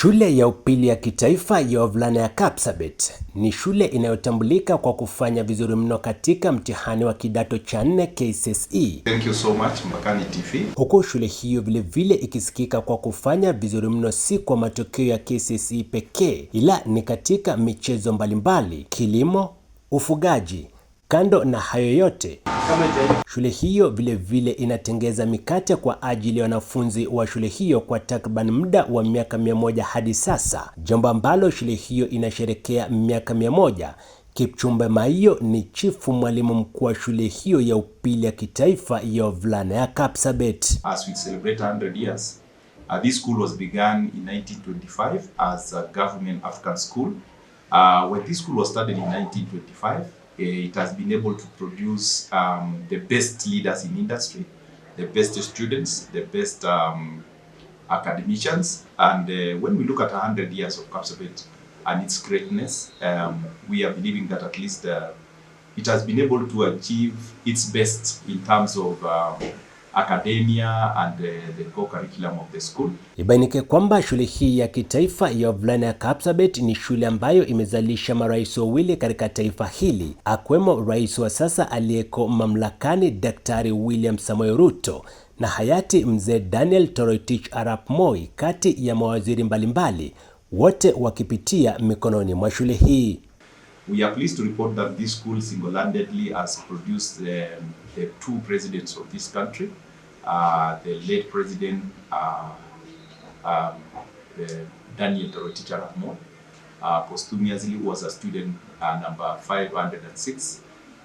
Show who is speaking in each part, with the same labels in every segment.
Speaker 1: Shule ya Upili ya Kitaifa ya Wavulana ya Kapsabet ni shule inayotambulika kwa kufanya vizuri mno katika mtihani wa kidato cha nne KCSE.
Speaker 2: Thank you so much, Mbakani TV.
Speaker 1: Huku shule hiyo vilevile vile ikisikika kwa kufanya vizuri mno si kwa matokeo ya KCSE pekee, ila ni katika michezo mbalimbali, kilimo, ufugaji Kando na hayo yote, shule hiyo vilevile vile inatengeza mikate kwa ajili ya wanafunzi wa shule hiyo kwa takriban muda wa miaka mia moja hadi sasa, jambo ambalo shule hiyo inasherekea miaka mia moja. Kipchumba Maiyo ni chifu mwalimu mkuu wa shule hiyo ya upili ya kitaifa ya wavulana ya Kapsabet.
Speaker 2: As we celebrate 100 years, uh, this school was begun in 1925 as a government African school. Uh, when this school was started in 1925, Uh, it has been able to produce um, the best leaders in industry, the best students, the best um, academicians. And uh, when we look at 100 years of Capsabet and its greatness, um, we are believing that at least uh, it has been able to achieve its best in terms of um, academia and the core curriculum of the school.
Speaker 1: Ibainike kwamba shule hii ya kitaifa ya wavulana ya Kapsabet ni shule ambayo imezalisha marais wawili katika taifa hili, akiwemo rais wa sasa aliyeko mamlakani Daktari William Samoei Ruto na hayati mzee Daniel Toroitich Arap Moi, kati ya mawaziri mbalimbali, wote wakipitia mikononi mwa shule hii.
Speaker 2: We are pleased to report that this school single-handedly has produced um, the two presidents of this country, uh, the late president uh, um, the Daniel Toroitich arap Moi, uh, posthumously was a student uh, number 506,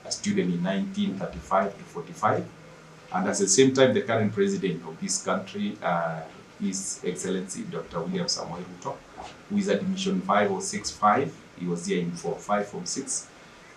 Speaker 2: a student in 1935 to 45. And at the same time, the current president of this country, uh, Excellency Dr. William Samuel Ruto, who is at Mission 5065. He was there in 45 from 6.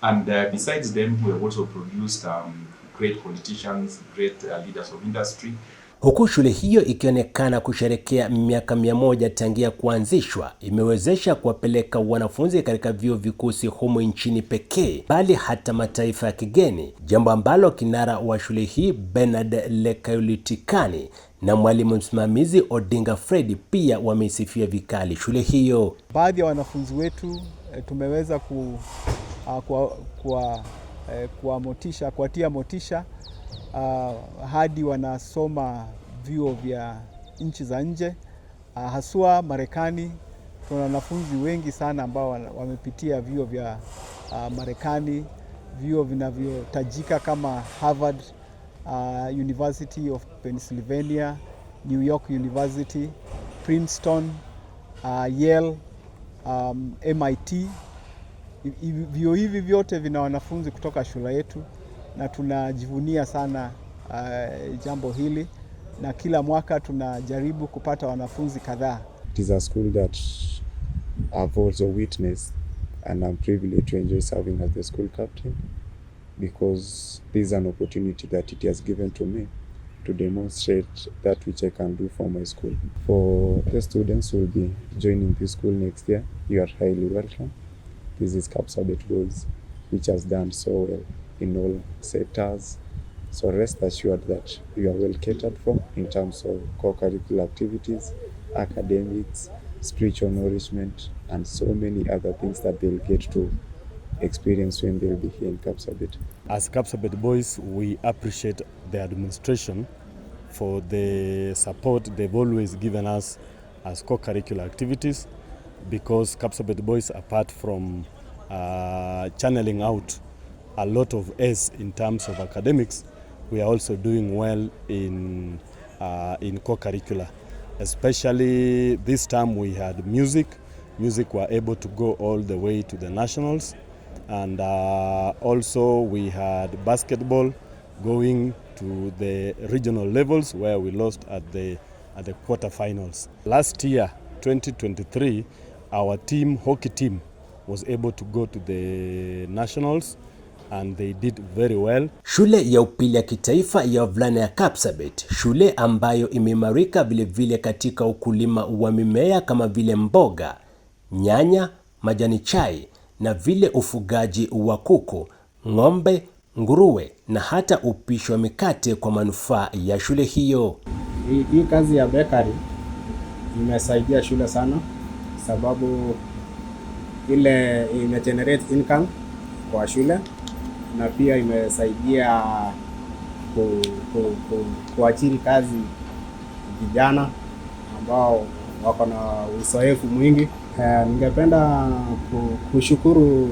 Speaker 2: And uh, besides them, we have also produced um, great politicians, great uh, leaders of industry.
Speaker 1: Huku shule hiyo ikionekana kusherekea miaka mia moja tangia kuanzishwa, imewezesha kuwapeleka wanafunzi katika vyuo vikuu si humu nchini pekee, bali hata mataifa ya kigeni, jambo ambalo kinara wa shule hii Bernard Lekailutikani na mwalimu msimamizi Odinga Fredi pia wameisifia vikali shule hiyo.
Speaker 3: Baadhi ya wanafunzi wetu eh, tumeweza ku, uh, ah, kwa, kwa eh, kuwamotisha kuwatia motisha uh, hadi wanasoma vyuo vya nchi za nje uh, haswa Marekani. Tuna wanafunzi wengi sana ambao wamepitia vyuo vya uh, Marekani, vyuo vinavyotajika kama Harvard uh, University of Pennsylvania, New York University, Princeton, uh, Yale, um, MIT Vyuo hivi vyote vina wanafunzi kutoka shule yetu na tunajivunia sana uh, jambo hili na kila mwaka tunajaribu kupata wanafunzi kadhaa.
Speaker 4: It is a school that I've also witnessed and I'm privileged to enjoy serving as the school captain because this is an opportunity that it has given to me to demonstrate that which I can do for my school. For the students who will be joining this school next year, you are highly welcome this is CAPSabet rules which has done so well in all sectors. So rest assured that you are well catered for in terms of co-curricular activities, academics, spiritual nourishment, and so many other things that they'll get to experience when they'll be here in CAPSabet.
Speaker 5: As CAPSabet boys, we appreciate the administration for the support they've always given us as co-curricular activities because Kapsabet boys, apart from uh, channeling out a lot of S in terms of academics, we are also doing well in, uh, in co-curricular. Especially this time we had music. Music were able to go all the way to the nationals. And uh, also we had basketball going to the regional levels where we lost at the, at the quarterfinals. Last year, 2023, our team hockey team was able to go to the nationals and they did very well.
Speaker 1: Shule ya upili ya kitaifa ya wavulana ya Kapsabet, shule ambayo imeimarika vilevile katika ukulima wa mimea kama vile mboga, nyanya, majani chai na vile ufugaji wa kuku, ng'ombe, nguruwe na hata upishi wa mikate kwa manufaa ya shule hiyo.
Speaker 6: Hii kazi ya bakery imesaidia shule sana sababu ile generate income kwa shule na pia imesaidia ku, ku, ku, kuachiri kazi vijana ambao wako na uzoefu mwingi. Eh, ningependa kushukuru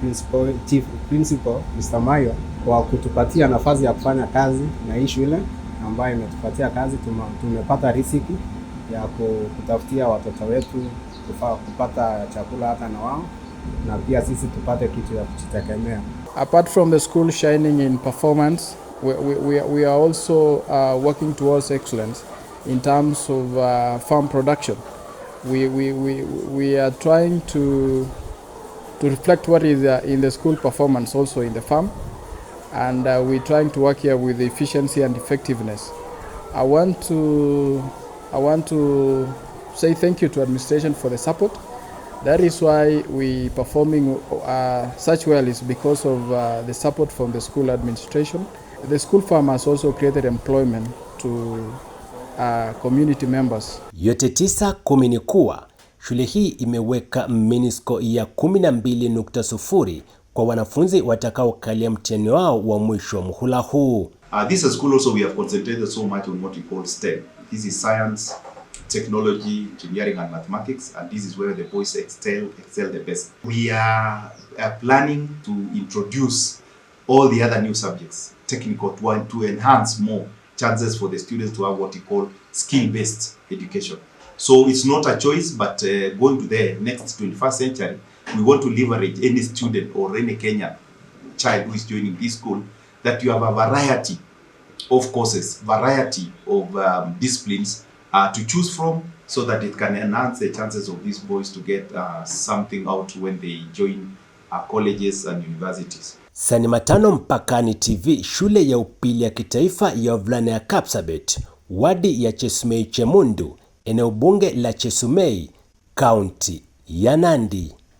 Speaker 6: principal, chief principal Mr. Mayo kwa kutupatia nafasi ya kufanya kazi na hii shule ambayo imetupatia kazi, tumepata riziki ya kutafutia watoto wetu kufaa kupata chakula hata na wao na pia sisi tupate kitu ya kujitegemea.
Speaker 7: Apart from the school shining in performance we, we, we are also uh, working towards excellence in terms of uh, farm production. We, we, we, we are trying to, to reflect what is uh, in the school performance also in the farm and uh, we're trying to work here with efficiency and effectiveness. I want to I want to say thank you to administration for the support. That is why we performing uh, such well is because of uh, the support from the school administration. The school farm has also created employment to uh, community members.
Speaker 1: Yote tisa kumi ni kuwa shule hii imeweka minisko ya 12.0 kwa wanafunzi watakaokalia mtihani wao wa mwisho wa muhula huu.
Speaker 2: Uh, this school also we have concentrated so much on what we call STEM. This is science, technology, engineering and mathematics and this is where the boys excel, excel the best. We are, are planning to introduce all the other new subjects, technical to, to enhance more chances for the students to have what we call skill-based education. So it's not a choice but uh, going to the next 21st century we want to leverage any student or any Kenyan child who is joining this school that you have a variety of courses, variety of um, disciplines uh, to choose from so that it can enhance the chances of these boys to get uh, something out when they join uh, colleges and universities.
Speaker 1: Sani Matano Mpakani TV, shule ya upili ya kitaifa ya wavulana ya Kapsabet, wadi ya Chesumei Chemundu, eneo bunge la Chesumei, kaunti ya Nandi.